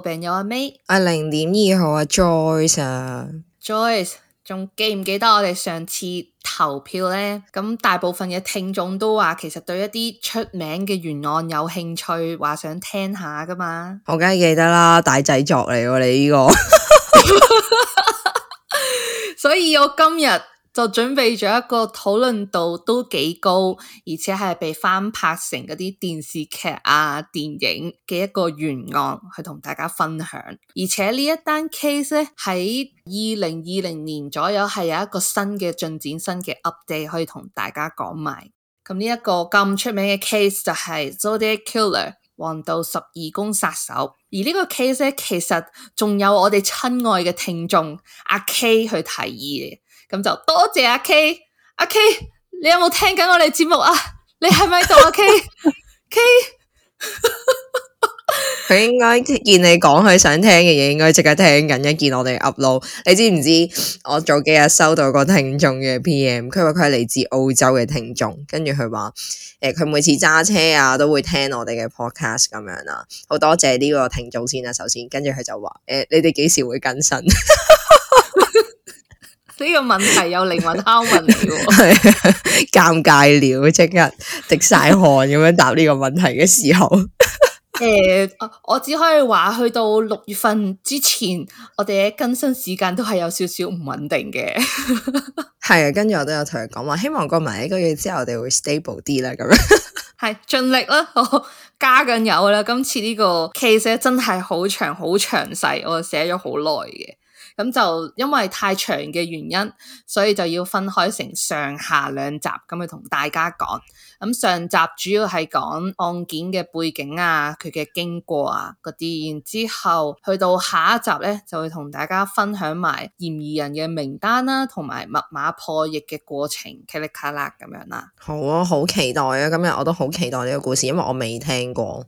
病友阿 May，阿零點二號阿 Joyce，Joyce，仲記唔記得我哋上次投票咧？咁大部分嘅聽眾都話，其實對一啲出名嘅懸案有興趣，話想聽下噶嘛？我梗係記得啦，大製作嚟喎，你呢、這個， 所以我今日。就準備咗一個討論度都幾高，而且係被翻拍成嗰啲電視劇啊、電影嘅一個原案去同大家分享。而且呢一單 case 咧，喺二零二零年左右係有一個新嘅進展、新嘅 update 可以同大家講埋。咁呢一個咁出名嘅 case 就係 Zodiac Killer。黃道十二宮殺手，而呢個 case 咧，其實仲有我哋親愛嘅聽眾阿 K 去提議嘅，咁就多謝阿 K，阿 K，你有冇聽緊我哋節目啊？你係咪就阿 K，K？ Kay? 佢應該見你講佢想聽嘅嘢，應該即刻聽緊。一見我哋 upload，你知唔知？我早幾日收到個聽眾嘅 PM，佢話佢係嚟自澳洲嘅聽眾。跟住佢話，誒、欸，佢每次揸車啊都會聽我哋嘅 podcast 咁樣啦。好多謝呢個聽眾先啦，啊，首先。跟住佢就話，誒、欸，你哋幾時會更新？呢 個問題有靈魂拷問你，尷 尬了，即刻滴晒汗咁樣答呢個問題嘅時候。 誒、欸，我只可以話去到六月份之前，我哋嘅更新時間都係有少少唔穩定嘅。係 啊，跟住我都有同佢講話，希望過埋一個月之後我點點，我哋會 stable 啲啦。咁樣係盡力啦，加緊油啦！今次呢個 case 真係好長、好詳細，我寫咗好耐嘅。咁就因為太長嘅原因，所以就要分開成上下兩集咁去同大家講。咁、嗯、上集主要係講案件嘅背景啊，佢嘅經過啊嗰啲，然之後去到下一集呢，就會同大家分享埋嫌疑人嘅名單啦、啊，同埋密碼破譯嘅過程，卡力卡啦咁樣啦。好啊，好期待啊！今日我都好期待呢個故事，因為我未聽過。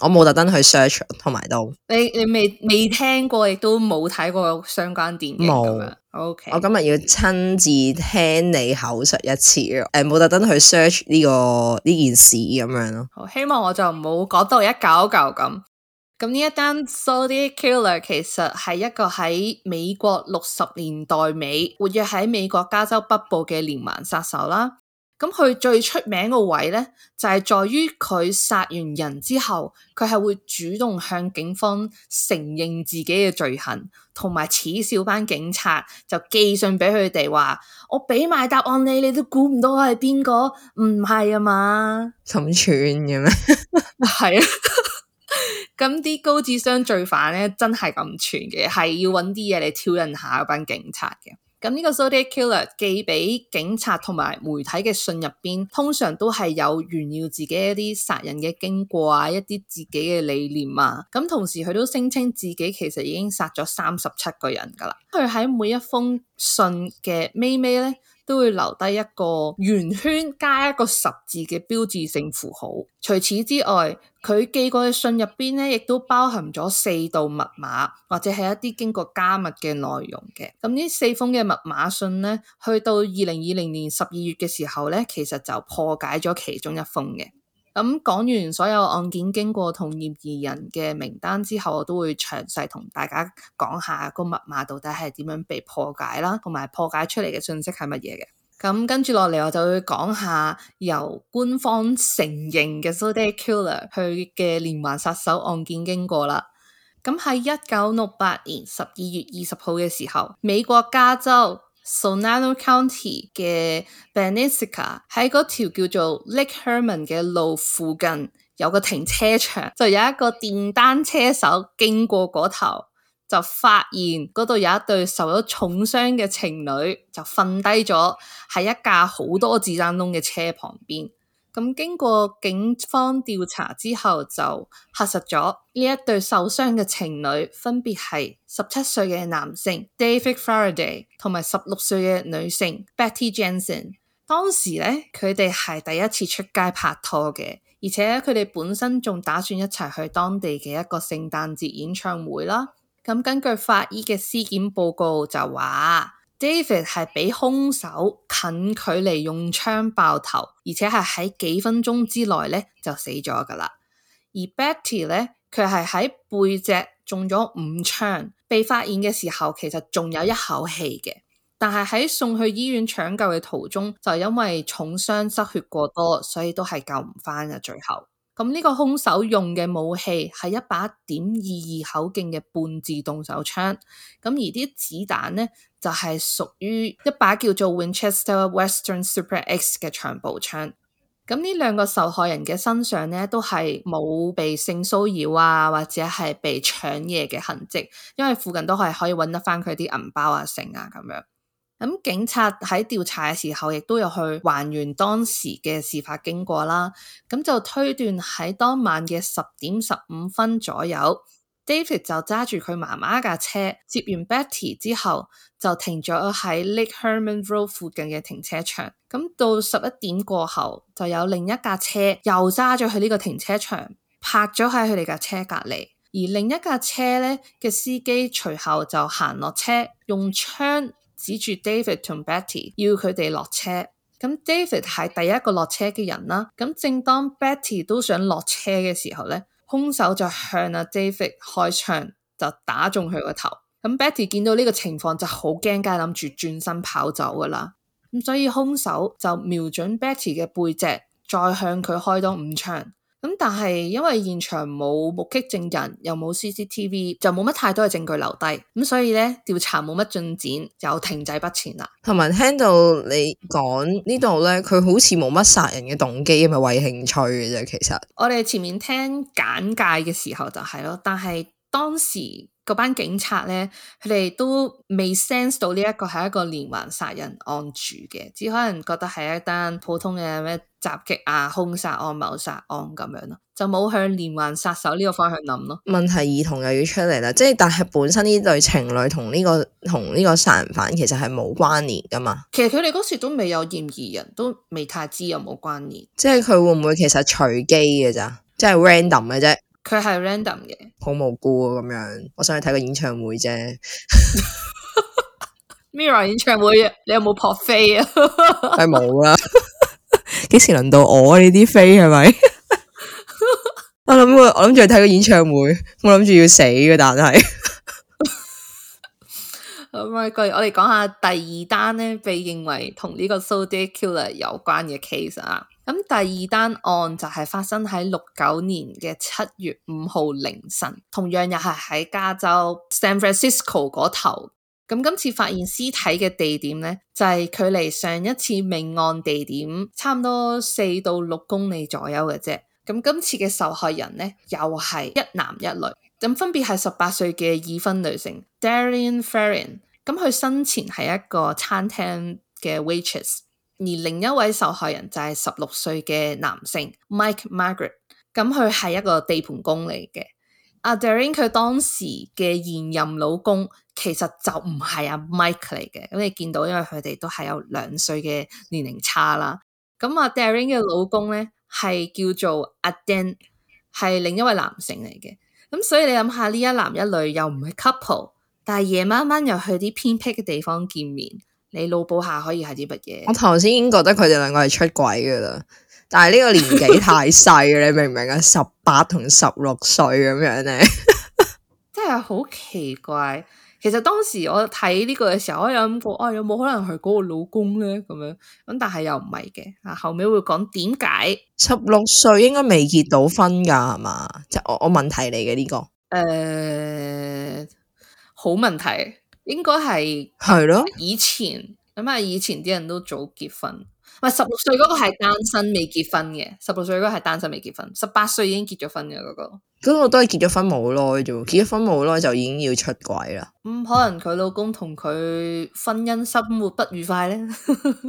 我冇特登去 search，同埋都你你未未聽過，亦都冇睇過相關電影。冇。OK，我今日要親自聽你口述一次誒，冇特登去 search 呢個呢件事咁樣咯。好，希望我就唔好講到一舊舊咁。咁呢一單 Zodiac Killer 其實係一個喺美國六十年代尾活躍喺美國加州北部嘅連環殺手啦。咁佢最出名個位咧，就係在於佢殺完人之後，佢係會主動向警方承認自己嘅罪行，同埋恥笑班警察，就寄信俾佢哋話：我俾埋答案你，你都估唔到我係邊個，唔係啊嘛？咁串嘅咩？係啊，咁 啲 高智商罪犯咧，真係咁串嘅，係要揾啲嘢嚟挑釁下班警察嘅。咁呢個 Zodiac Killer 寄俾警察同埋媒體嘅信入邊，通常都係有炫耀自己一啲殺人嘅經過啊，一啲自己嘅理念啊。咁同時佢都聲稱自己其實已經殺咗三十七個人噶啦。佢喺每一封信嘅尾尾咧。都會留低一個圓圈加一個十字嘅標誌性符號。除此之外，佢寄過嘅信入邊咧，亦都包含咗四道密碼或者係一啲經過加密嘅內容嘅。咁、嗯、呢四封嘅密碼信咧，去到二零二零年十二月嘅時候咧，其實就破解咗其中一封嘅。咁講完所有案件經過同嫌疑人嘅名單之後，我都會詳細同大家講下個密碼到底係點樣被破解啦，同埋破解出嚟嘅信息係乜嘢嘅。咁、嗯、跟住落嚟，我就會講下由官方承認嘅 Zodiac Killer 佢嘅連環殺手案件經過啦。咁喺一九六八年十二月二十號嘅時候，美國加州。Solano County 嘅 Benicia 喺嗰條叫做 Lake Herman 嘅路附近有個停車場，就有一個電單車手經過嗰頭，就發現嗰度有一對受咗重傷嘅情侶，就瞓低咗喺一架好多子彈窿嘅車旁邊。咁經過警方調查之後，就核實咗呢一對受傷嘅情侶，分別係十七歲嘅男性 David Faraday 同埋十六歲嘅女性 Betty Jensen。當時咧，佢哋係第一次出街拍拖嘅，而且佢哋本身仲打算一齊去當地嘅一個聖誕節演唱會啦。咁、嗯、根據法醫嘅屍檢報告就話。David 係俾凶手近距離用槍爆頭，而且係喺幾分鐘之內咧就死咗噶啦。而 Betty 咧，佢係喺背脊中咗五槍，被發現嘅時候其實仲有一口氣嘅，但係喺送去醫院搶救嘅途中，就因為重傷失血過多，所以都係救唔翻嘅，最後。咁呢個兇手用嘅武器係一把點二二口徑嘅嘅嘅嘅半自動手槍，而啲啲子彈呢，呢呢，就係、屬於一把叫做 Winchester Western Super X 嘅長步槍。兩個受害人嘅身上呢都都冇被被性騷擾啊，啊、啊或者係被搶嘢嘅痕跡，因為附近都係可以搵得返佢啲銀包啊、成啊噉樣。咁警察喺調查嘅時候，亦都有去還原當時嘅事發經過啦。咁就推斷喺當晚嘅十點十五分左右，David 就揸住佢媽媽架車接完 Betty 之後，就停咗喺 Lake Herman Road 附近嘅停車場。咁到十一點過後，就有另一架車又揸咗去呢個停車場，泊咗喺佢哋架車隔離。而另一架車咧嘅司機隨後就行落車，用槍指住 David 同 Betty 要佢哋落車，咁 David 係第一個落車嘅人啦。咁正當 Betty 都想落車嘅時候咧，兇手就向阿 David 開槍，就打中佢個頭。咁 Betty 見到呢個情況就好驚，梗諗住轉身跑走噶啦。咁所以兇手就瞄準 Betty 嘅背脊，再向佢開多五槍。咁但係因為現場冇目擊證人，又冇 CCTV，就冇乜太多嘅證據留低，咁所以咧，調查冇乜進展，就停滯不前啦。同埋聽到你講呢度咧，佢好似冇乜殺人嘅動機，咪為興趣嘅啫。其實我哋前面聽簡介嘅時候就係咯，但係當時。嗰班警察咧，佢哋都未 sense 到呢一個係一個連環殺人案住嘅，只可能覺得係一單普通嘅咩襲擊啊、兇殺案、謀殺案咁樣咯，就冇向連環殺手呢個方向諗咯。問題兒童又要出嚟啦，即係但係本身呢對情侶同呢個同呢個殺人犯其實係冇關聯噶嘛。其實佢哋嗰時都未有嫌疑人，都未太知有冇關聯。即係佢會唔會其實隨機嘅咋？即係 random 嘅啫。佢係 random 嘅，好無辜咁樣。我想去睇個演唱會啫。Mirror 演唱會，你有冇撲飛啊？係冇啦。幾時輪到我呢啲飛係咪？我諗我諗住去睇個演唱會，我諗住要死嘅，但係。咁啊，我哋講下第二單咧，被認為同呢個 Zodiac Killer 有關嘅 case 啊。咁第二單案就係發生喺六九年嘅七月五號凌晨，同樣又係喺加州 San Francisco 嗰頭。咁今次發現屍體嘅地點咧，就係距離上一次命案地點差唔多四到六公里左右嘅啫。咁今次嘅受害人咧，又係一男一女，咁分別係十八歲嘅已婚女性 Darlene Ferrin。咁佢生前係一個餐廳嘅 waitress。而另一位受害人就係十六歲嘅男性 Mike Margaret，咁佢係一個地盤工嚟嘅。阿 Darlene 佢當時嘅現任老公其實就唔係阿 Mike 嚟嘅，咁你見到因為佢哋都係有兩歲嘅年齡差啦。咁阿 Darlene 嘅老公咧係叫做阿 Dan，係另一位男性嚟嘅。咁所以你諗下呢一男一女又唔係 couple，但係夜晚晚又去啲偏僻嘅地方見面。你腦補下可以係啲乜嘢？我頭先已經覺得佢哋兩個係出軌噶啦，但係呢個年紀太細啦， 你明唔明啊？十八同十六歲咁樣咧， 真係好奇怪。其實當時我睇呢個嘅時候，我有諗過，啊、哎、有冇可能係嗰個老公咧咁樣？咁但係又唔係嘅。啊後尾會講點解？十六歲應該未結到婚噶係嘛？即係、就是、我我問題嚟嘅呢個。誒、呃，好問題。應該係係咯，以前咁啊，的以前啲人都早結婚，唔係十六歲嗰個係單身未結婚嘅，十六歲嗰個係單身未結婚，十八歲已經結咗婚嘅嗰、那個，嗰個都係結咗婚冇耐啫，結咗婚冇耐就已經要出軌啦。咁、嗯、可能佢老公同佢婚姻生活不愉快咧，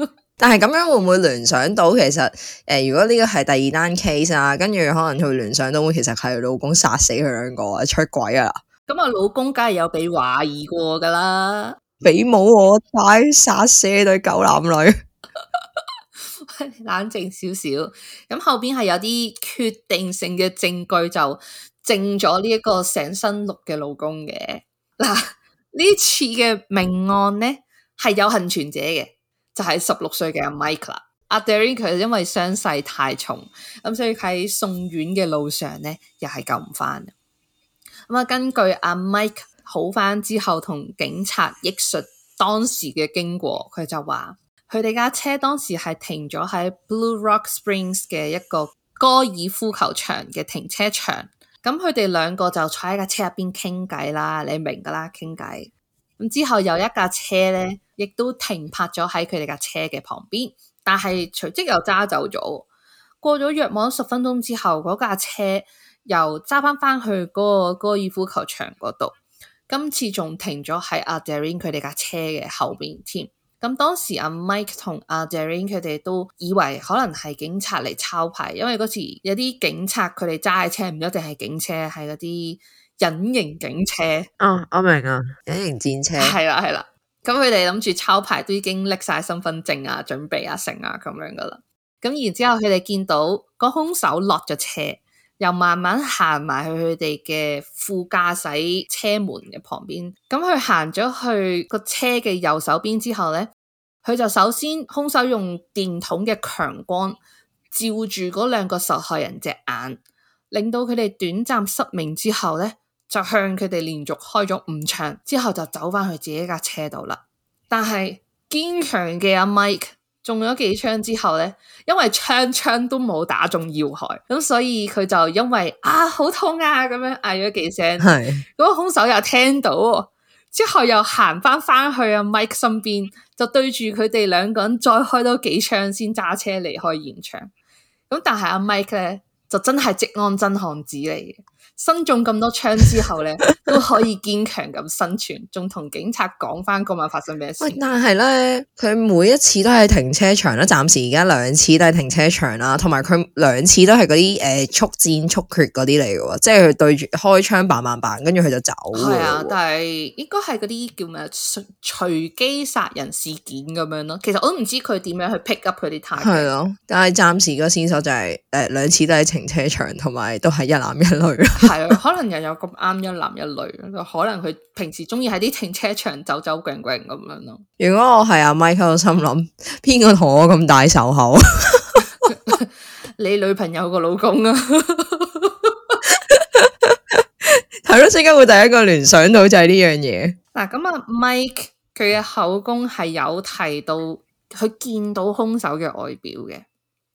但係咁樣會唔會聯想到其實誒、呃，如果呢個係第二單 case 啊，跟住可能佢聯想到其實係老公殺死佢兩個啊，出軌啊。咁啊，我老公梗係有俾懷疑過噶啦，俾帽我戴殺死對狗男女， 冷靜少少。咁後邊係有啲決定性嘅證據，就證咗呢一個成身綠嘅老公嘅。嗱， 呢次嘅命案咧係有幸存者嘅，就係十六歲嘅 Mike 啦，阿、啊、Darlene 因為傷勢太重，咁所以喺送院嘅路上咧又係救唔翻。咁啊，根據阿 Mike 好返之後同警察憶述當時嘅經過，佢就話佢哋架車當時係停咗喺 Blue Rock Springs 嘅一個高爾夫球場嘅停車場。咁佢哋兩個就坐喺架車入邊傾偈啦，你明㗎啦，傾偈。咁之後有一架車咧，亦都停泊咗喺佢哋架車嘅旁邊，但係隨即又揸走咗。過咗約莫十分鐘之後，嗰架車，又揸翻翻去嗰、那個嗰個高爾夫球場嗰度，今次仲停咗喺阿 Darlene 佢哋架車嘅後邊添。咁當時阿 Mike 同阿 Darlene 佢哋都以為可能係警察嚟抄牌，因為嗰時有啲警察佢哋揸嘅車唔一定係警車，係嗰啲隱形警車。嗯，我明啊，隱形戰車係啦係啦。咁佢哋諗住抄牌都已經拎晒身份證啊，準備啊成啊咁樣噶啦。咁然之後佢哋見到個兇手落咗車。又慢慢行埋去佢哋嘅副駕駛車門嘅旁邊，咁佢行咗去個車嘅右手邊之後呢，佢就首先凶手用電筒嘅強光照住嗰兩個受害人隻眼，令到佢哋短暫失明之後呢，就向佢哋連續開咗五槍，之後就走返去自己架車度啦。但係堅強嘅阿 Mike。中咗幾槍之後咧，因為槍槍都冇打中要害，咁所以佢就因為啊好痛啊咁樣嗌咗幾聲，咁凶是手又聽到，之後又行翻翻去阿 Mike 身邊，就對住佢哋兩個人再開多幾槍先揸車離開現場。咁但係阿 Mike 咧就真係職安真漢子嚟嘅。身中咁多槍之後咧， 都可以堅強咁生存，仲同警察講翻嗰晚發生咩事。喂，但係咧，佢每一次都係停車場啦，暫時而家兩次都係停車場啦，同埋佢兩次都係嗰啲誒速戰速決嗰啲嚟嘅，即係佢對住開槍扮扮扮，跟住佢就走。係啊，但係應該係嗰啲叫咩？隨機殺人事件咁樣咯。其實我都唔知佢點樣去 pick up 佢啲 target。係咯，但係暫時個線索就係誒兩次都係停車場，同埋都係一男一女。係啊， 可能又有咁啱一男一女，可能佢平時中意喺啲停車場走走逛逛咁樣咯。如果我係阿 Mike，我心諗邊個同我咁大仇口？ 你女朋友個老公啊？係咯，點解會第一個聯想到就係呢樣嘢？嗱、 嗯，咁啊，Mike 佢嘅口供係有提到佢見到凶手嘅外表嘅，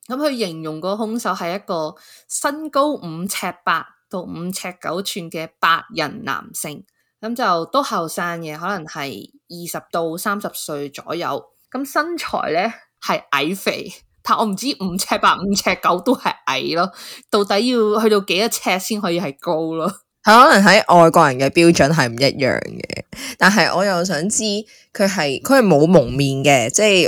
咁佢形容個凶手係一個身高五尺八。到五尺九寸嘅白人男性，咁就都後生嘅，可能係二十到三十歲左右。咁身材咧，係矮肥，但我唔知五尺八、五尺九都係矮咯。到底要去到幾多尺先可以係高咯？係可能喺外國人嘅標準係唔一樣嘅，但係我又想知佢係佢係冇蒙面嘅，即係。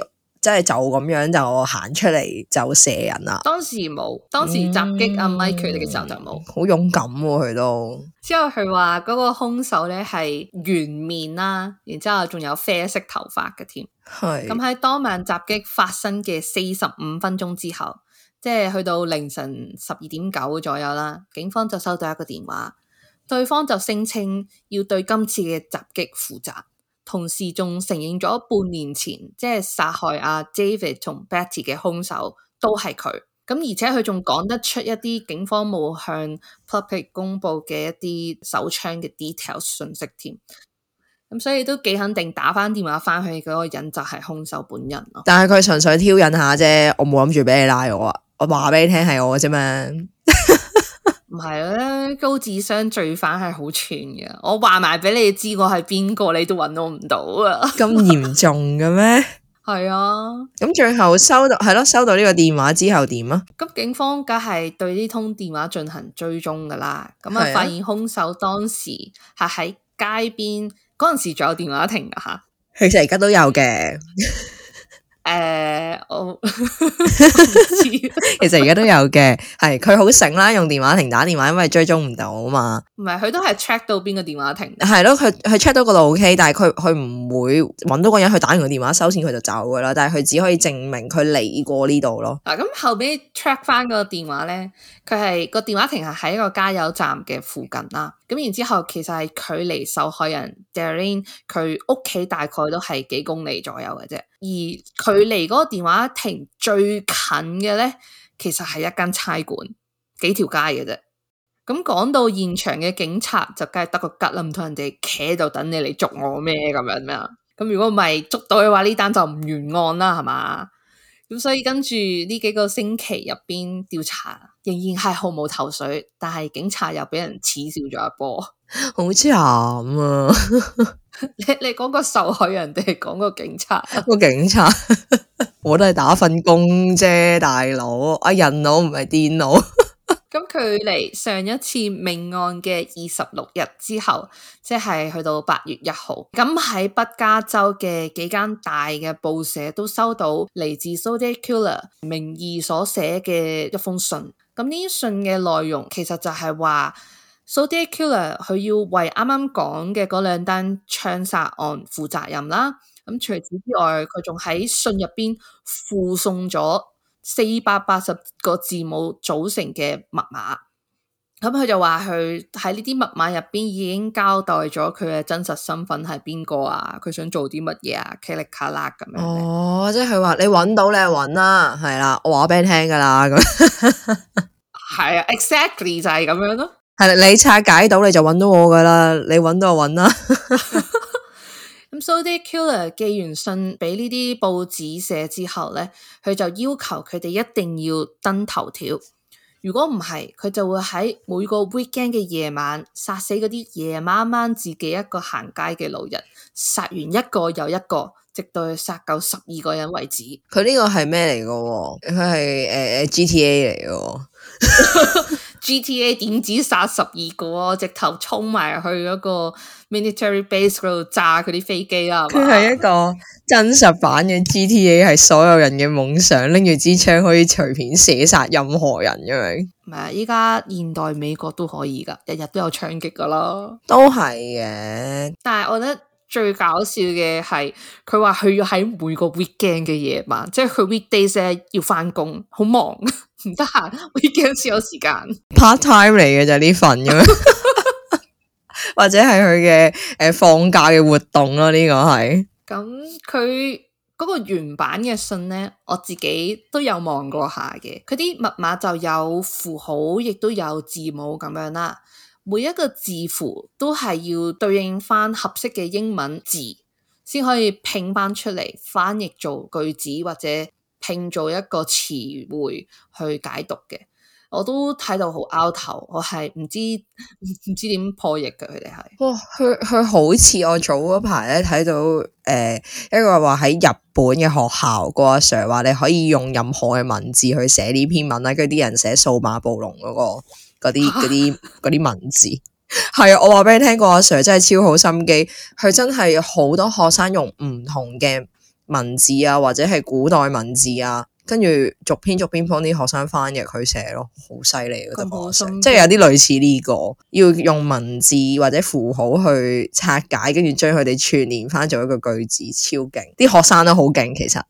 即係就咁樣就行出嚟就射人啦。當時冇，當時襲擊阿 Mike 佢哋嘅時候就冇。好、嗯、勇敢喎、啊，佢都。之後佢話嗰個兇手咧係圓面啦，然之後仲有啡色頭髮嘅添。係。咁喺當晚襲擊發生嘅四十五分鐘之後，即係去到凌晨十二點九左右啦，警方就收到一個電話，對方就聲稱要對今次嘅襲擊負責。同時仲承認咗，半年前即係殺害阿 David 同 Betty 嘅兇手都係佢咁，而且佢仲講得出一啲警方冇向 public 公布嘅一啲手槍嘅 details 信息添。咁所以都幾肯定打翻電話翻去嗰個人就係兇手本人咯。但係佢純粹挑釁下啫，我冇諗住俾你拉我啊，我話俾你聽係我啫嘛。 唔係咧，高智商罪犯係好串嘅。我話埋俾你知我係邊個，你都搵我唔到 嚴 啊！咁嚴重嘅咩？係啊。咁最後收到，係咯，收到呢個電話之後點啊？咁警方梗係對呢通電話進行追蹤噶啦。咁啊，發現凶手當時係喺街邊嗰陣時，仲有電話停噶。吓，其實而家都有嘅。 誒、呃，我， 我知 其實而家都有嘅。係佢好醒啦，用電話亭打電話，因為追蹤唔到啊嘛。唔係，佢都係 check 到邊個電話亭。係咯，佢佢 check 到，到個度 ok，但係佢佢唔會搵到嗰人，去打完個電話收線，佢就走噶啦。但係佢只可以證明佢嚟過呢度咯。嗱、啊，咁後尾 check 翻個電話咧，佢係、個電話亭係喺一個加油站嘅附近啦。咁然之後，其實係距離受害人 Darlene 佢屋企大概都係幾公里左右嘅啫。而距離嗰個電話亭最近嘅咧，其實係一間差館，幾條街嘅啫。咁講到現場嘅警察，就梗係得個吉啦，唔通人哋企喺度等你嚟捉我咩咁樣咩？咁如果唔係捉到嘅話，呢單就唔完案啦，係嘛？咁所以跟住呢幾個星期入邊調查，仍然係毫無頭緒，但係警察又俾人恥笑咗一波，好慘啊。 你！你你講個受害人哋，講個警察，個警察我都係打份工啫，大佬啊、哎、人腦唔係電腦。 咁距離上一次命案嘅二十六日之後，即係去到八月一號。咁喺北加州嘅幾間大嘅報社都收到嚟自 Zodiac Killer 名義所寫嘅一封信。咁呢啲信嘅內容其實就係話 Zodiac Killer 佢要為啱啱講嘅嗰兩單槍殺案負責任啦。咁除此之外，佢仲喺信入邊附送咗。四百八十個字母組成嘅密碼，咁、嗯、佢就話佢喺呢啲密碼入邊已經交代咗佢嘅真實身份係邊個啊，佢想做啲乜嘢啊噼哩卡啦咁樣。哦，即係佢話你揾到你就揾啦，啊，係啦，啊，我話俾你聽噶啦，咁 係啊，Exactly 就係咁樣咯，啊。係、啊、你拆解到你就揾到我噶啦，你揾到就揾啦。 所以啲 killer 寄完信俾呢啲報紙寫之後呢，佢就要求佢哋一定要登頭條。如果唔係，佢就會喺每個 weekend 嘅夜晚殺死嗰啲夜晚晚自己一個行街嘅路人，殺完一個又一個，直到佢殺夠十二個人為止。佢呢個係咩嚟嘅？佢係誒 GTA 嚟嘅。 GTA 點止殺十二個啊！直頭衝埋去嗰個 Military Base 嗰度炸佢啲飛機啊！佢係一個真實版嘅 GTA 係所有人嘅夢想，拎住支槍可以隨便射殺任何人咁樣。唔係，依家現代美國都可以噶，日日都有槍擊噶咯。都係嘅，但係我覺得最搞笑嘅係佢話佢要喺每個 weekend 嘅夜晚，即係佢 weekdays 要翻工，好忙。 唔得閒，我依家先有時間。Part time 嚟嘅就呢份咁樣， 或者係佢嘅誒放假嘅活動咯。呢、這個係咁，佢嗰、嗯、個原版嘅信咧，我自己都有望過下嘅。佢啲密碼就有符號，亦都有字母咁樣啦。每一個字符都係要對應翻合適嘅英文字，先可以拼翻出嚟翻譯做句子或者，拼做一個詞彙去解讀嘅，我都睇到好拗頭，我係唔知唔知點破譯嘅佢哋係。佢佢、哦、好似我早嗰排咧睇到，誒、呃、一個話喺日本嘅學校個阿、啊、Sir 話你可以用任何嘅文字去寫呢篇文啦，跟住啲人寫數碼暴龍嗰、嗰個啲啲啲文字，係 啊，我話俾你聽，個、啊、阿 Sir 真係超好心機，佢真係好多學生用唔同嘅。文字啊，或者係古代文字啊，跟住逐篇逐篇幫啲學生翻譯佢寫咯，好犀利嗰，即係有啲類似呢個，嗯，要用文字或者符號去拆解，跟住將佢哋串聯翻做一個句子，超勁！啲學生都好勁，其實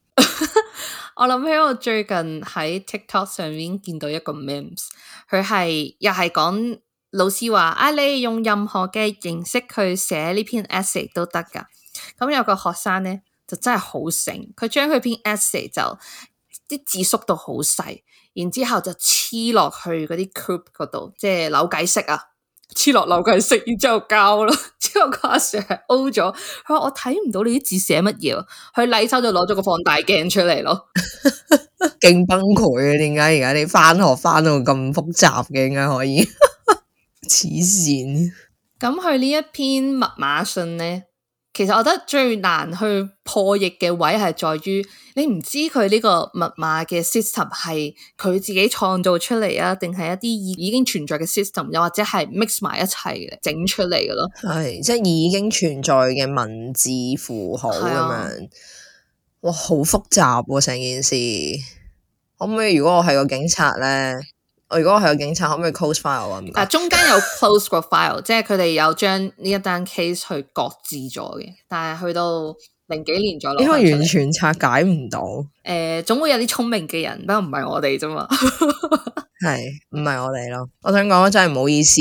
我諗起我最近喺 TikTok 上面見到一個 memes，佢係又係講老師話啊，你用任何嘅形式去寫呢篇 essay 都得噶。咁有個學生呢。就真係好醒，佢將佢篇 essay 就啲字縮到好細，然之後就黐落去嗰啲 cube 嗰度，即係扭計骰啊，黐落扭計骰然之後交咯，之後個阿 sir 係 o 咗，佢話我睇唔到你啲字寫乜嘢，佢麗手就攞咗個放大鏡出嚟咯，勁 崩潰啊！點解而家你翻學翻到咁複雜嘅，點解可以？黐 線善！咁佢呢一篇密碼信呢？其實我覺得最難去破譯嘅位係在於，你唔知佢呢個密碼嘅 system 係佢自己創造出嚟啊，定係一啲已已經存在嘅 system，又或者係 mix 埋一齊整出嚟嘅咯。係，即係已經存在嘅文字符號咁樣。啊、哇，好複雜喎，成件事。可唔可以？如果我係個警察咧？如果我係個警察，可唔可以 close file 啊？但中間有 close 過 file， 即係佢哋有將呢一單 case 去擱置咗嘅。但係去到。零幾年咗咯，因為、欸、完全拆解唔到誒，總會有啲聰明嘅人，不過唔係我哋啫嘛，係唔係我哋咯？我想講真係唔好意思，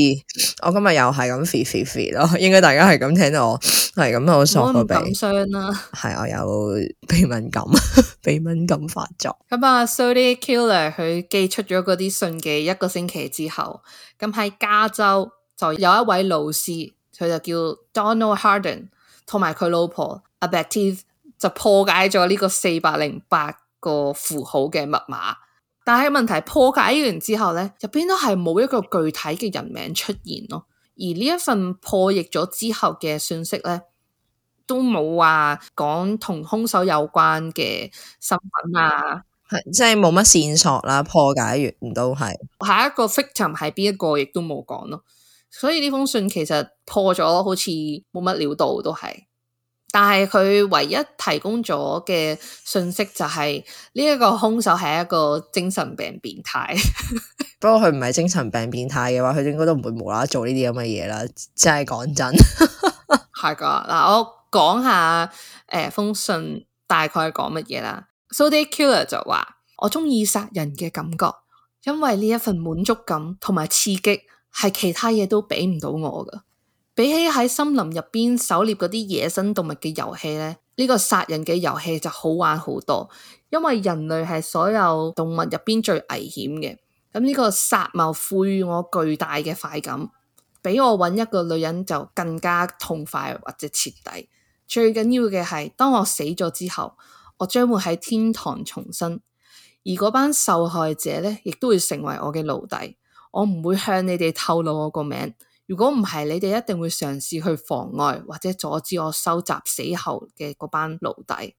我今日又係咁 fit fit 咯，應該大家係咁聽到我係咁好傻嘅病，傷啦，係、啊嗯、我有鼻敏感，鼻敏感發作咁啊。Zodiac Killer 佢寄出咗嗰啲信嘅一個星期之後，咁喺加州就有一位老師，佢就叫 Donald Harden，同埋佢老婆。Abbot t e e 就破解咗呢個四百零八個符號嘅密碼，但係問題破解完之後咧，入邊都係冇一個具體嘅人名出現咯。而呢一份破譯咗之後嘅信息咧，都冇話講同兇手有關嘅身份啊，即係冇乜線索啦。破解完都係下一個 fiction 係邊一個亦都冇講咯，所以呢封信其實破咗好似冇乜料到都係。但係佢唯一提供咗嘅信息就係呢一個凶手係一個精神病變態。 不過佢唔係精神病變態嘅話，佢應該都唔會無啦啦做呢啲咁嘅嘢啦，真係講真。係噶，嗱，我講下誒、呃、封信大概講乜嘢啦。So the killer 就話我中意殺人嘅感覺，因為呢一份滿足感同埋刺激係其他嘢都畀唔到我噶。比起喺森林入邊狩獵嗰啲野生動物嘅遊戲咧，呢個殺人嘅遊戲就好玩好多。因為人類係所有動物入邊最危險嘅。咁呢個殺戮賦予我巨大嘅快感，比我搵一個女人就更加痛快或者徹底。最緊要嘅係，當我死咗之後，我將會喺天堂重生，而嗰班受害者咧，亦都會成為我嘅奴隸。我唔會向你哋透露我個名。如果唔係，你哋一定會嘗試去妨礙或者阻止我收集死後嘅嗰班奴隸。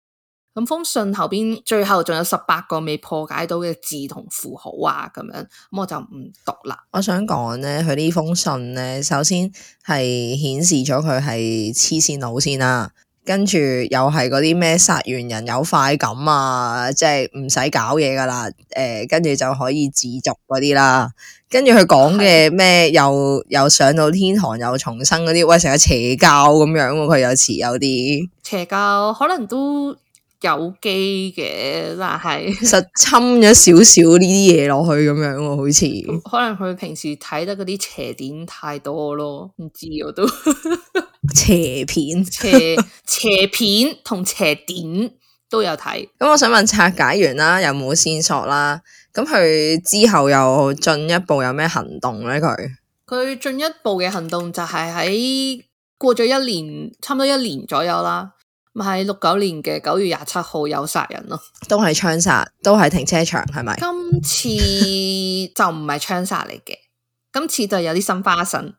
咁封信後邊最後仲有十八個未破解到嘅字同符號啊，咁樣咁我就唔讀啦。我想講咧，佢呢封信咧，首先係顯示咗佢係黐線佬先啦、啊。跟住又係嗰啲咩殺完人有快感啊！即係唔使搞嘢噶啦，誒、呃，跟住就可以自足嗰啲啦。跟住佢講嘅咩，的又又上到天堂又重生嗰啲，喂，成日邪教咁樣喎，佢又持有啲邪教，可能都有機嘅，但係 實侵咗少少呢啲嘢落去咁樣喎，好似可能佢平時睇得嗰啲邪典太多咯，唔知我都。 斜片、 斜斜片同斜典都有睇。咁我想問，拆解完啦，有冇線索啦？咁佢之後又進一步有咩行動咧？佢佢進一步嘅行動就係喺過咗一年，差唔多一年左右啦，咪係六九年嘅九月廿七號有殺人咯，都係槍殺，都係停車場係咪？是是今次就唔係槍殺嚟嘅， 今次就有啲新花臣。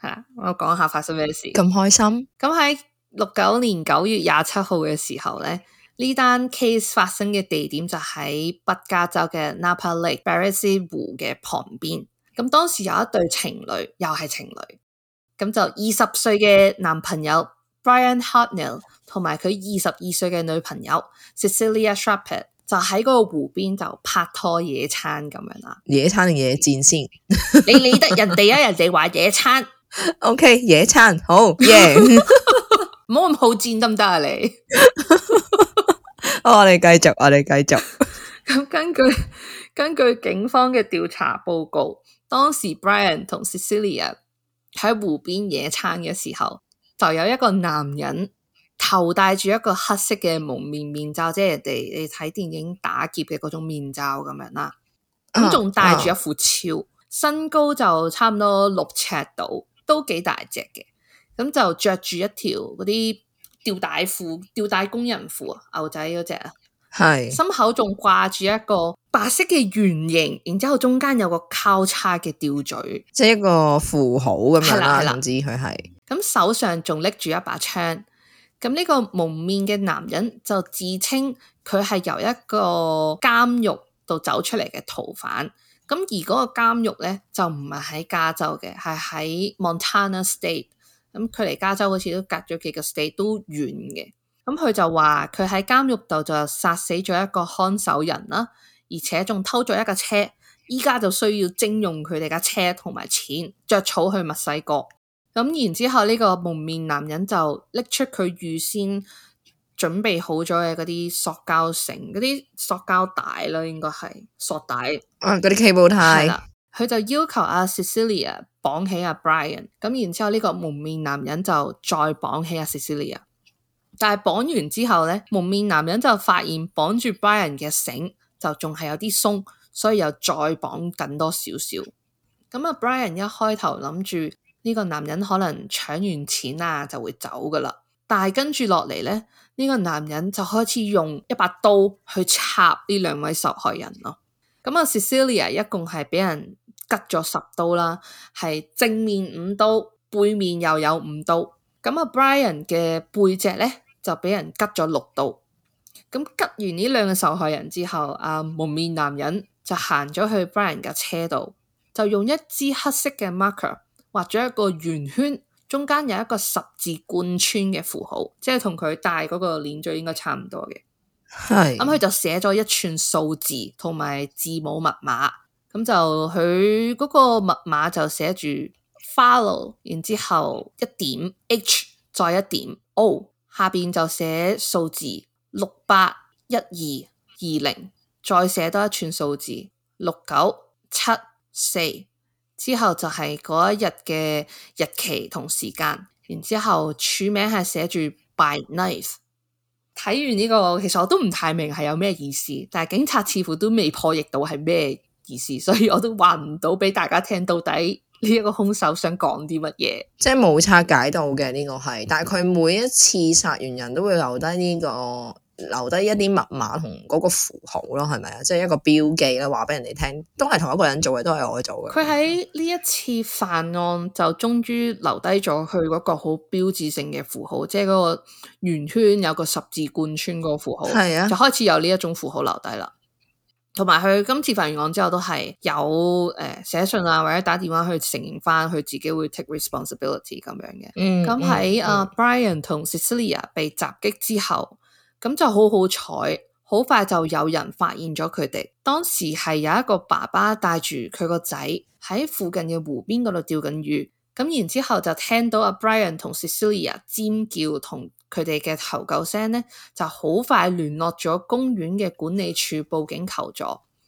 係我講下發生咩事。咁開心。咁喺六九年九月廿七號嘅時候咧，呢單 case 發生嘅地點就喺北加州嘅 Napa Lake Bar、Barry C 湖嘅旁邊。咁當時有一對情侶，又係情侶。咁就二十歲嘅男朋友 Bryan Hartnell 同埋佢二十二歲嘅女朋友 Cecelia Sharper 就喺嗰個湖邊就拍拖野餐咁樣啦。野餐定野戰先？ 你理得人哋啊！人哋話野餐。O、okay, K，野餐好，耶！唔好咁好戰得唔得啊？你，我哋繼續，我哋繼續。咁根據根據警方嘅調查報告，當時 Brian 同 Cecilia 喺湖邊野餐嘅時候，就有一個男人頭戴住一個黑色嘅蒙面面罩，即係人哋你睇電影打劫嘅嗰種面罩咁樣啦。咁仲戴住一副超 uh, uh. 身高就差唔多六尺度。都幾大隻嘅，咁就着住一條嗰啲吊帶褲、吊帶工人褲啊，牛仔嗰隻啊，係是，心口仲掛住一個白色嘅圓形，然之後中間有個交叉嘅吊墜，即係一個符號咁樣啦、啊，唔知佢係。咁、嗯、手上仲拎住一把槍，咁呢個蒙面嘅男人就自稱佢係由一個監獄度走出嚟嘅逃犯。咁而嗰個監獄咧就唔係喺加州嘅，係喺 Montana State。咁佢離加州好似都隔咗幾個 state 都遠嘅。咁佢就話佢喺監獄度就殺死咗一個看守人啦，而且仲偷咗一個車。依家就需要徵用佢哋架車同埋錢，着草去墨西哥。咁然之後，呢個蒙面男人就拎出佢預先準備好咗嘅嗰啲塑膠繩、嗰啲塑膠帶啦，應該係塑膠、啊、帶，嗰啲起布帶。佢就要求阿、啊、Cecelia 綁起阿、啊、Bryan，咁然之後呢個蒙面男人就再綁起阿、啊、Cecelia。但係綁完之後咧，蒙面男人就發現綁住 Bryan 嘅繩就仲係有啲鬆，所以又再綁緊多少少。咁啊，Bryan 一開頭諗住呢個男人可能搶完錢啊就會走噶啦，但係跟住落嚟咧。呢個男人就開始用一把刀去插呢兩位受害人咯。咁啊，Cecelia 一共係俾人拮咗十刀啦，係正面五刀，背面又有五刀。咁啊，Bryan 嘅背脊咧就俾人拮咗六刀。咁拮完呢兩個受害人之後，阿、啊、蒙面男人就行咗去 Bryan 嘅車度，就用一支黑色嘅 marker 畫咗一個圓圈。中間有一個十字貫穿嘅符號，即係同佢戴嗰個鏈墜應該差唔多嘅。係是，咁佢、嗯、就寫咗一串數字同埋字母密碼，咁、嗯、就佢嗰個密碼就寫住 follow，然之後一點 h 再一點 o，下邊就寫數字六八一二二零，再寫多一串數字六九七四。69, 7, 之後就係嗰一日嘅日期同時間，然之後署名係寫住 by knife。睇完呢個，其實我都唔太明係有咩意思，但係警察似乎都未破譯到係咩意思，所以我都話唔到俾大家聽到底呢一個凶手想講啲乜嘢。即係冇拆解到嘅呢個係，但係佢每一次殺完人都會留低呢個。留低一啲密碼同嗰個符號咯，係咪啊？即係一個標記啦，話俾人哋聽，都係同一個人做嘅，都係我做嘅。佢喺呢一次犯案就終於留低咗佢嗰個好標誌性嘅符號，即係嗰個圓圈有個十字貫穿嗰個符號，係啊，就開始有呢一種符號留低啦。同埋佢今次犯完案之後都係有誒寫信啊，或者打電話去承認翻佢自己會 take responsibility 咁樣嘅。嗯，咁喺阿 Bryan 同 Cecelia 被襲擊之後。咁就好好彩，好快就有人發現咗佢哋。當時係有一個爸爸帶住佢個仔喺附近嘅湖邊嗰度釣緊魚，咁然之後就聽到、啊、Bryan 同 Cecelia 尖叫同佢哋嘅求救聲咧，就好快聯絡咗公園嘅管理處報警求助。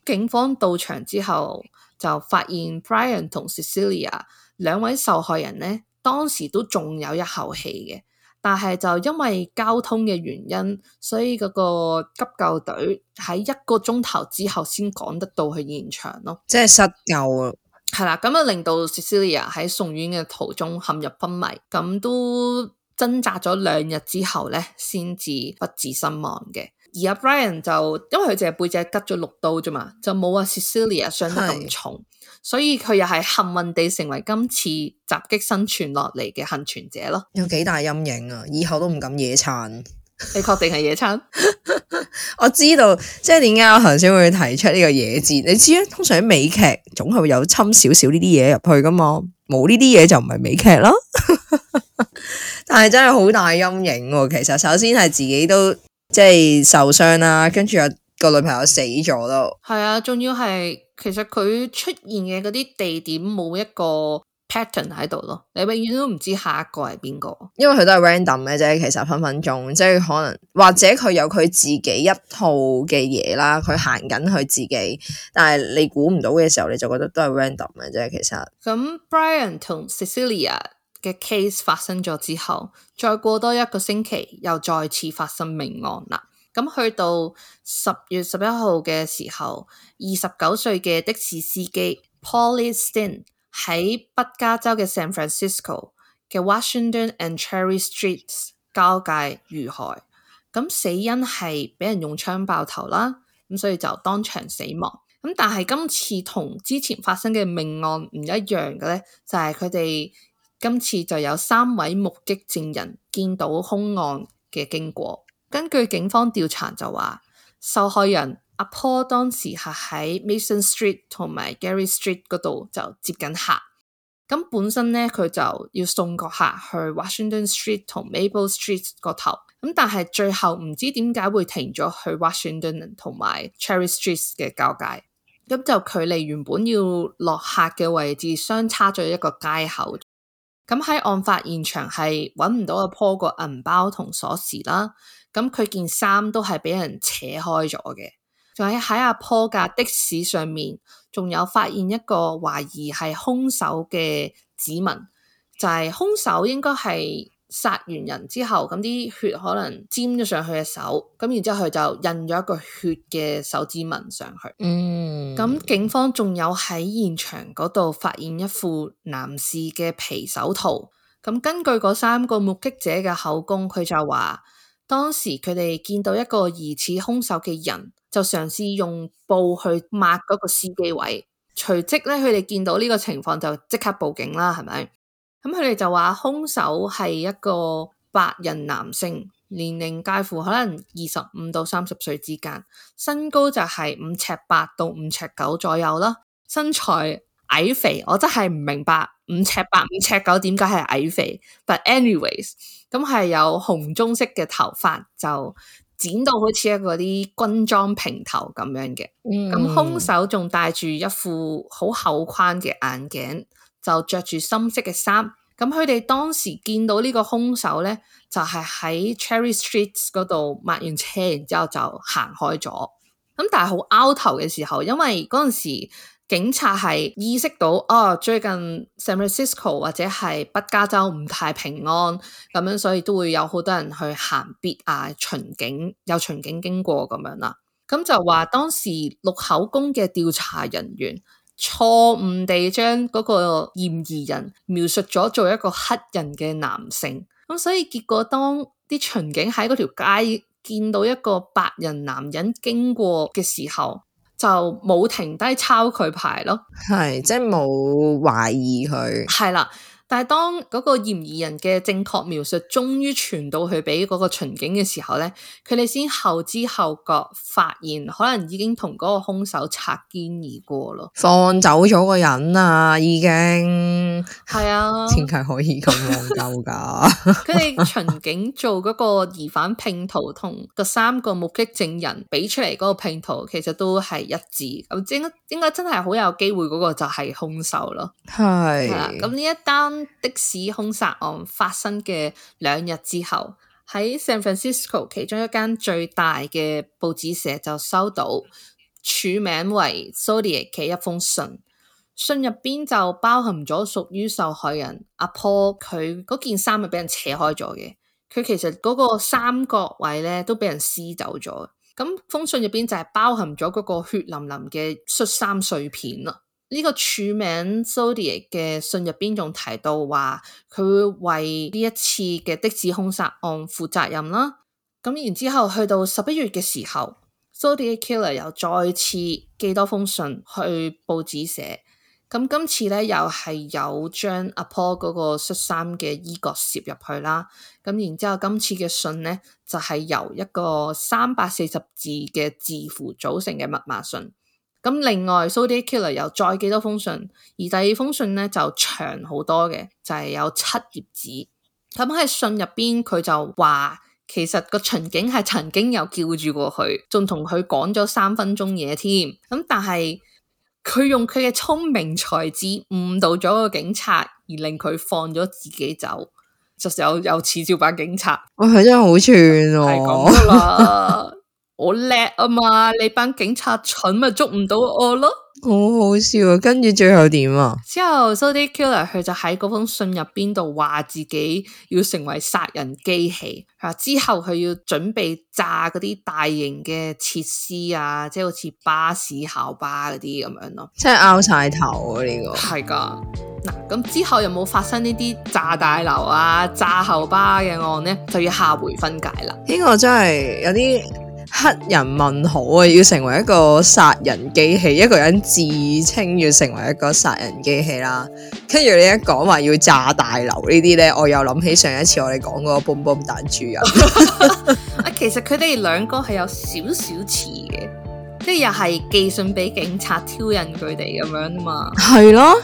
警方到場之後就發現 Bryan 同 Cecelia 兩位受害人呢，當時都仲有一口氣嘅。但係就因為交通嘅原因，所以嗰個急救隊喺一個鐘頭之後先趕得到去現場咯，即係失救啊，係啦，咁啊令到 Cecelia 喺送院嘅途中陷入昏迷，咁都掙扎咗兩日之後咧，先至不治身亡嘅。而阿 Bryan 就因為佢只係背脊拮咗六刀啫嘛，就冇阿 Cecelia 傷得咁重。所以佢又係幸運地成為今次襲擊生存落嚟嘅幸存者咯。有幾大陰影啊！以後都唔敢野餐，你確定係野餐？ 我知道，即係點解我頭先會提出呢個野字？你知啊，通常喺美劇總係會有侵少少呢啲嘢入去噶嘛，冇呢啲嘢就唔係美劇啦。 但係真係好大陰影、啊。其實首先係自己都即係受傷啦、啊，跟住又。個女朋友死咗咯，係啊，仲要係其實佢出現嘅嗰啲地點冇一個 pattern 喺度咯，你永遠都唔知下一個係邊個，因為佢都係 random 嘅啫。其實分分鐘，即係可能或者佢有佢自己一套嘅嘢啦，佢行緊佢自己，但係你估唔到嘅時候，你就覺得都係 random 嘅啫。其實咁，Bryan 同 Cecelia 嘅 case 發生咗之後，再過多一個星期，又再次發生命案啦。咁去到十月十一號嘅時候，二十九歲嘅的士司機 Paul Lee Stine 喺北加州嘅 San Francisco 嘅 Washington and Cherry Streets 交界遇害。咁死因係畀人用槍爆頭啦，咁所以就當場死亡。咁但係今次同之前發生嘅命案唔一樣嘅咧，就係佢哋今次就有三位目擊證人見到凶案嘅經過。根據警方調查就話，受害人阿 Paul 當時係喺 Mason Street 同埋 Gary Street 嗰度就接緊客，咁本身咧佢就要送個客去 Washington Street 同 Mabel Street 個頭，咁但係最後唔知點解會停咗去 Washington 同埋 Cherry Street 嘅交界，咁就距離原本要落客嘅位置相差咗一個街口。咁喺案發現場係揾唔到阿 Paul 個銀包同鎖匙啦。咁佢件衫都係俾人扯開咗嘅，就喺喺阿 Paul 架的士上面，仲有發現一個懷疑係兇手嘅指紋，就係兇手應該係殺完人之後，咁啲血可能沾咗上去嘅手，咁然之後佢就印咗一個血嘅手指紋上去。嗯，咁警方仲有喺現場嗰度發現一副男士嘅皮手套。咁根據嗰三個目擊者嘅口供，佢就話。當時佢哋見到一個疑似兇手嘅人，就嘗試用布去抹嗰個司機位。隨即咧，佢哋見到呢個情況就即刻報警啦，係咪？咁佢哋就話兇手係一個白人男性，年齡介乎可能二十五到三十歲之間，身高就係五尺八到五尺九左右啦，身材，矮肥，我真係唔明白五尺八、五尺九點解係矮肥。But anyways，咁係有紅棕色嘅頭髮，就剪到好似一個啲軍裝平頭咁樣嘅。咁兇、嗯、手仲戴住一副好厚框嘅眼鏡，就着住深色嘅衫。咁佢哋當時見到個呢個兇手咧，就係、是、喺 Cherry Street 嗰度抹完車，然之後就行開咗。咁但係好拗頭嘅時候，因為嗰陣時。警察係意識到，哦，最近 San Francisco 或者係北加州唔太平安咁樣，所以都會有好多人去行咇啊巡警，有巡警經過咁樣啦。咁就話當時錄口供嘅調查人員錯誤地將嗰個嫌疑人描述咗做一個黑人嘅男性，咁所以結果當啲巡警喺嗰條街見到一個白人男人經過嘅時候，就冇停低抄佢牌咯，係即係冇懷疑佢，係啦。但係當嗰個嫌疑人嘅正確描述終於傳到去俾嗰個巡警嘅時候咧，佢哋先後知後覺發現，可能已經同嗰個兇手擦肩而過咯。放走咗個人啊，已經係啊，點解 可以咁無救㗎？佢 哋 巡警做嗰個疑犯拼圖同個三個目擊證人俾出嚟嗰個拼圖，其實都係一致。咁應該應該真係好有機會嗰個就係兇手咯。係是，咁呢、yeah, 一單。的士兇殺案發生嘅兩日之後，喺 San Francisco 其中一間最大嘅報紙社就收到署名為 Zodiac 嘅一封信。信入邊就包含咗屬於受害人阿 Paul 佢嗰件衫，係俾人扯開咗嘅。佢其實嗰個三角位咧都俾人撕走咗。咁封信入邊就係包含咗嗰個血淋淋嘅恤衫碎片啦。呢個署名 Zodiac 嘅信入邊仲提到話，佢會為呢一次嘅的，的士兇殺案負責任啦。咁然之後去到十一月嘅時候 Zodiac Killer 又再次寄多封信去報紙寫。咁今次咧又係有將阿坡嗰個恤衫嘅衣角攝入去啦。咁然之後今次嘅信咧就係、是、由一個三百四十字嘅字符組成嘅密碼信。咁另外 Zodiac Killer 又再寄多封信，而第二封信咧就長好多嘅，就係、是、有七頁紙。咁、嗯、喺信入邊，佢就話其實個巡警係曾經有叫住過佢，仲同佢講咗三分鐘嘢添。咁、嗯、但係佢用佢嘅聰明才智誤導咗個警察，而令佢放咗自己走，就時、是、又有似照把警察。哇，真係好串喎、哦！ 好叻啊嘛，你班警察蠢咪捉唔到我咯，好、哦、好笑啊！跟住最後點啊？之後 Zodiac Killer 佢就喺嗰封信入邊度話自己要成為殺人機器吓，之後佢要準備炸嗰啲大型嘅設施啊，即係好似巴士校巴嗰啲咁樣咯、啊，即係拗晒頭啊！呢、這個係噶嗱，咁 之後有冇發生呢啲炸大樓啊、炸校巴嘅案呢？就要下回分解啦。呢個真係有啲。黑人問號呀，要成為一個殺人機器，一個人自稱要成為一個殺人機器啦。跟住你一講話要炸大樓呢啲呢，我又諗起上一次我哋講嗰個、um、boom boom 彈珠人。啊， 其實佢哋兩個係有少少似嘅，即係又係寄信俾警察挑釁佢哋咁樣啊嘛。係咯。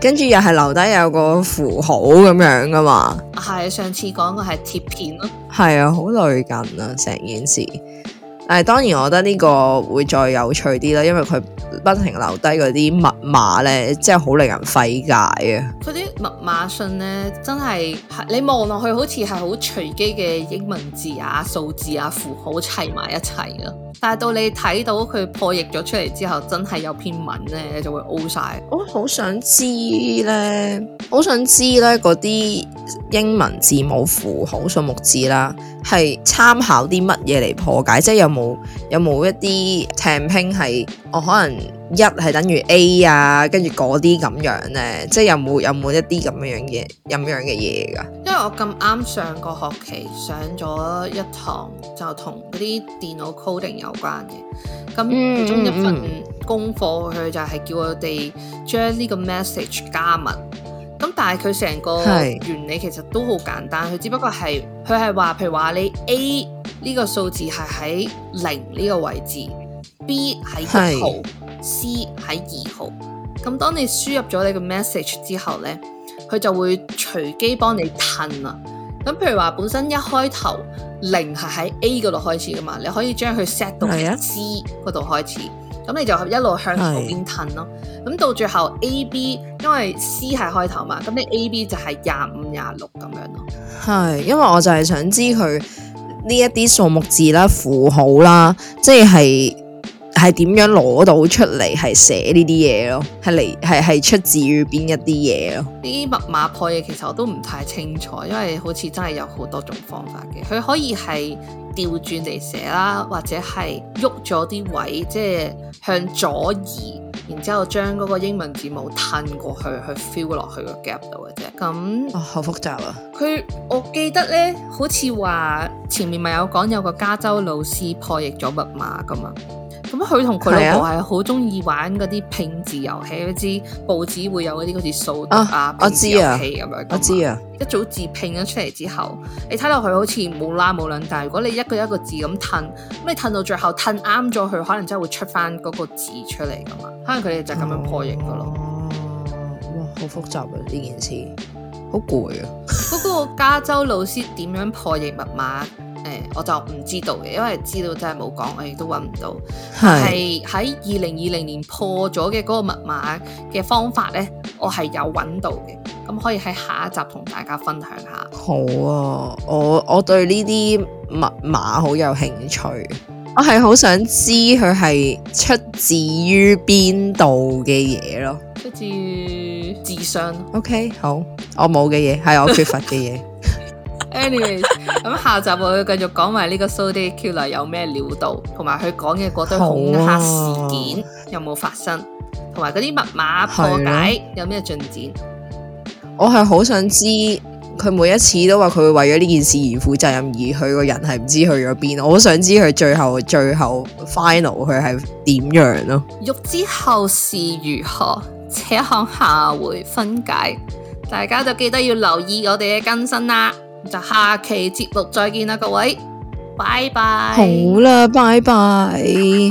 跟住又係留低有個符號咁樣噶嘛。係啊，上次講個係貼片咯。係啊，好累緊啊成件事啊。但係當然，我覺得呢個會再有趣啲啦，因為佢不停留低嗰啲密碼咧，即係好令人費解啊！啲密碼信咧，真係你望落去好似係好隨機嘅英文字啊、數字啊、符號齊埋一齊啊！但係到你睇到佢破譯咗出嚟之後，真係有篇文咧就會 O 晒。我好想知咧，好想知咧嗰啲英文字母、符號、數目字啦，係參考啲乜嘢嚟破解？即係有冇？有冇一啲拼拼，係我可能一係等於 A 啊，跟住嗰啲咁樣咧，即係有冇有冇一啲咁樣嘢、咁樣嘅嘢噶？因為我咁啱上個學期上咗一堂，就同嗰啲電腦 coding 有關嘅，咁其中一份功課佢就係叫我哋將呢個 message 加密，咁但係佢成個原理其實都好簡單，佢只不過係佢係話譬如話你 A。呢個數字係喺零呢個位置，B 喺一號，C 喺二號。咁是當你輸入咗你個 message 之後呢，佢就會隨機幫你褪啦。咁譬如話，本身一開頭零係喺 A 嗰度開始㗎嘛，你可以將佢 set 到喺 C 嗰度開始，咁、啊、你就一路向後邊褪咯。咁是到最後 A B，因為 C 係開頭嘛，咁你 A B 就係廿五、廿六咁樣咯。係，因為我就係想知佢。呢一啲數目字啦、符號啦，即係係點樣攞到出嚟？係寫呢啲嘢咯，係嚟係係出自於邊一啲嘢咯？呢啲密碼破嘢其實我都唔太清楚，因為好似真係有好多種方法嘅，佢可以係調轉嚟寫啦，或者係喐咗啲位，即係向左移。然之後將嗰個英文字母褪過去，去 fill 落去個 gap 度嘅啫。咁，哦，好複雜啊！佢，我記得呢，好似話前面咪有講有個加州老師破譯咗密碼噶嘛。咁佢同佢老婆係好中意玩嗰啲拼字遊戲，嗰啲、啊、報紙會有嗰啲好似數字啊拼字遊戲咁樣，我知啊，一組字拼咗出嚟之後，你睇落去好似冇啦冇兩，但係如果你一個一個字咁褪，咁你褪到最後褪啱咗，佢可能真係會出翻嗰個字出嚟噶嘛，可能佢哋就係咁樣破譯噶咯，哇，好複雜噶、啊、呢件事。好攰啊！嗰個加州老師點樣破譯密碼？誒、呃，我就唔知道嘅，因為知道真係冇講，我亦都揾唔到。係喺二零二零年破咗嘅嗰個密碼嘅方法呢，我係有揾到嘅，咁可以喺下一集同大家分享下。好啊，我我對呢啲密碼好有興趣，我係好想知佢係出自於邊度嘅嘢咯。出自智商，OK，好，我冇嘅嘢係我缺乏嘅嘢。 Anyways，咁下集我會繼續講埋呢個 Zodiac Killer 有咩料到，同埋佢講嘅嗰堆恐嚇事件有冇發生，同埋嗰啲密碼破解有咩進展。我係好想知佢每一次都話佢會為咗呢件事而負責任，而佢個人係唔知去咗邊，我好想知佢最後最後 final 佢係點樣咯、啊。欲知後事如何？且看下回分解，大家就記得要留意我哋嘅更新啦。就下期節目再見啦，各位，拜拜。好喇，拜拜。